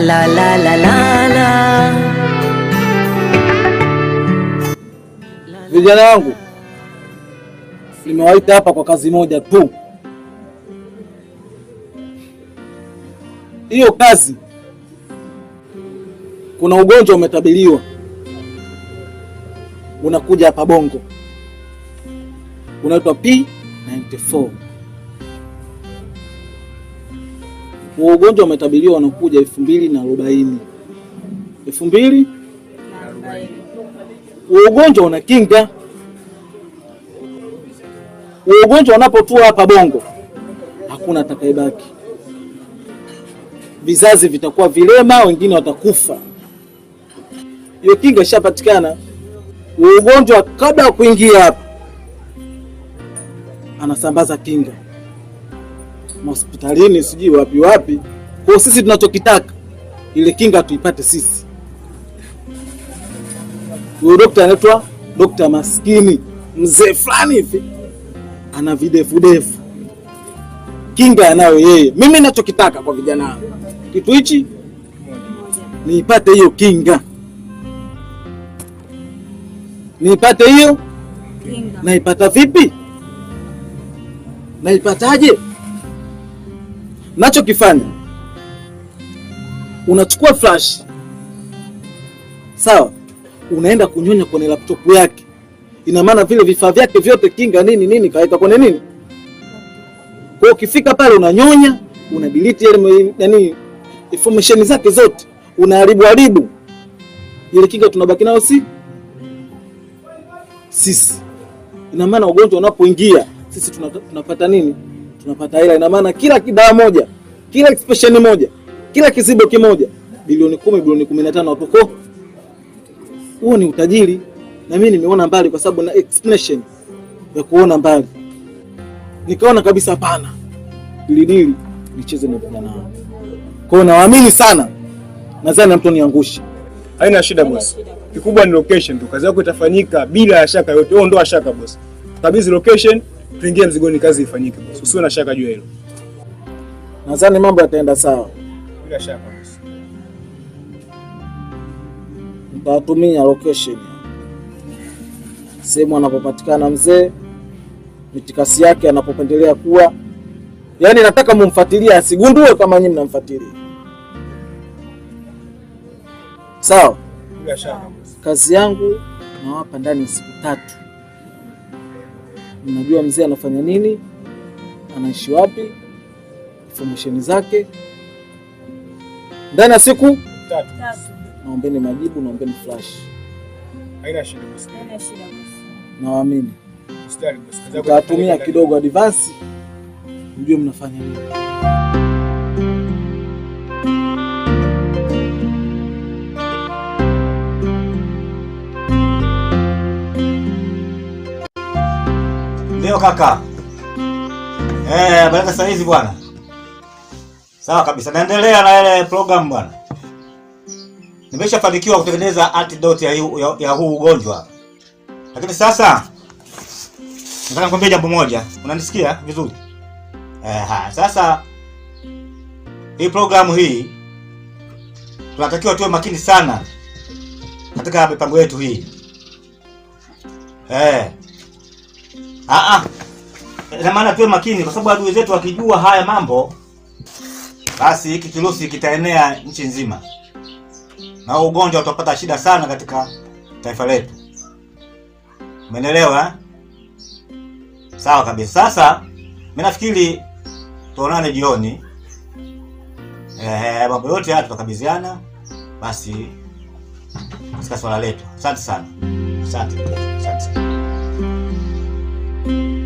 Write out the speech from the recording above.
la la la la la la. Vijana wangu, nimewaita hapa kwa kazi moja tu. Hiyo kazi, kuna ugonjwa umetabiliwa unakuja hapa Bongo, unaitwa P94. wa ugonjwa umetabiriwa wanakuja elfu mbili na arobaini elfu mbili wa ugonjwa una kinga wa ugonjwa unapotua hapa Bongo hakuna atakayebaki. Vizazi vitakuwa vilema, wengine watakufa. Hiyo kinga ishapatikana. Ugonjwa kabla ya kuingia hapa anasambaza kinga hospitalini sijui wapi wapi. Kwa sisi tunachokitaka ile kinga tuipate sisi. Huyo dokta anaitwa dokta maskini, mzee fulani hivi, ana videfu defu, kinga anayo yeye. Mimi nachokitaka kwa vijana wangu kitu hichi, niipate hiyo kinga, niipate hiyo. Naipata vipi? Naipataje? nachokifanya unachukua flash sawa, unaenda kunyonya kwenye laptop yake. Ina maana vile vifaa vyake vyote, kinga nini nini, kaweka kwenye nini. Kwa ukifika pale unanyonya, una delete ile nani information zake zote, unaharibu haribu ile kinga, tunabaki nayo si sisi. Ina maana ugonjwa unapoingia sisi tunapata nini tunapata hela. Ina maana kila dawa moja, kila expression moja, kila kizibo kimoja bilioni kumi, bilioni kumi na tano hapo huo ni utajiri, na mimi nimeona mbali kwa sababu na explanation ya kuona mbali, nikaona kabisa hapana, ili dili nicheze na vijana wangu. Kwa hiyo nawaamini sana, nadhani na mtu niangushe. Haina shida boss, kikubwa ni location tu, kazi yako itafanyika bila ya shaka yote. Huo ndio ashaka boss, kabidhi location tuingie mzigoni, kazi ifanyike boss. Usiwe na shaka juu ya hilo. Nadhani mambo yataenda sawa. Bila shaka boss. location sehemu anapopatikana mzee, mitikasi yake anapopendelea kuwa, yaani nataka mumfuatilie asigundue kama nyinyi mnamfuatilia. Sawa, kazi yangu nawapa ndani siku tatu. Unajua mzee anafanya nini, anaishi wapi, fomisheni zake. Ndani ya siku tatu, naombeni majibu, naombeni flash. Haina shida, nawaamini, mtawatumia kidogo advance, mjue mnafanya nini. Ndio kaka. Eh, baraka saa hizi bwana. Sawa kabisa. Naendelea na ile program bwana. Nimeshafanikiwa kutengeneza antidote ya, ya, ya huu ugonjwa. Lakini sasa nataka nikwambie jambo moja. Unanisikia vizuri? Eh, sasa hii programu hii tunatakiwa tuwe makini sana katika mipango yetu hii. Eh, Ah ah. Maana tuwe makini kwa sababu adui zetu wakijua haya mambo basi hiki kirusi kitaenea nchi nzima. Na ugonjwa utapata shida sana katika taifa letu. Umeelewa? Eh? Sawa kabisa. Sasa mimi nafikiri tuonane jioni. Eh, mambo yote haya tutakabiziana basi katika swala letu. Asante sana. Asante. Asante. Thank you.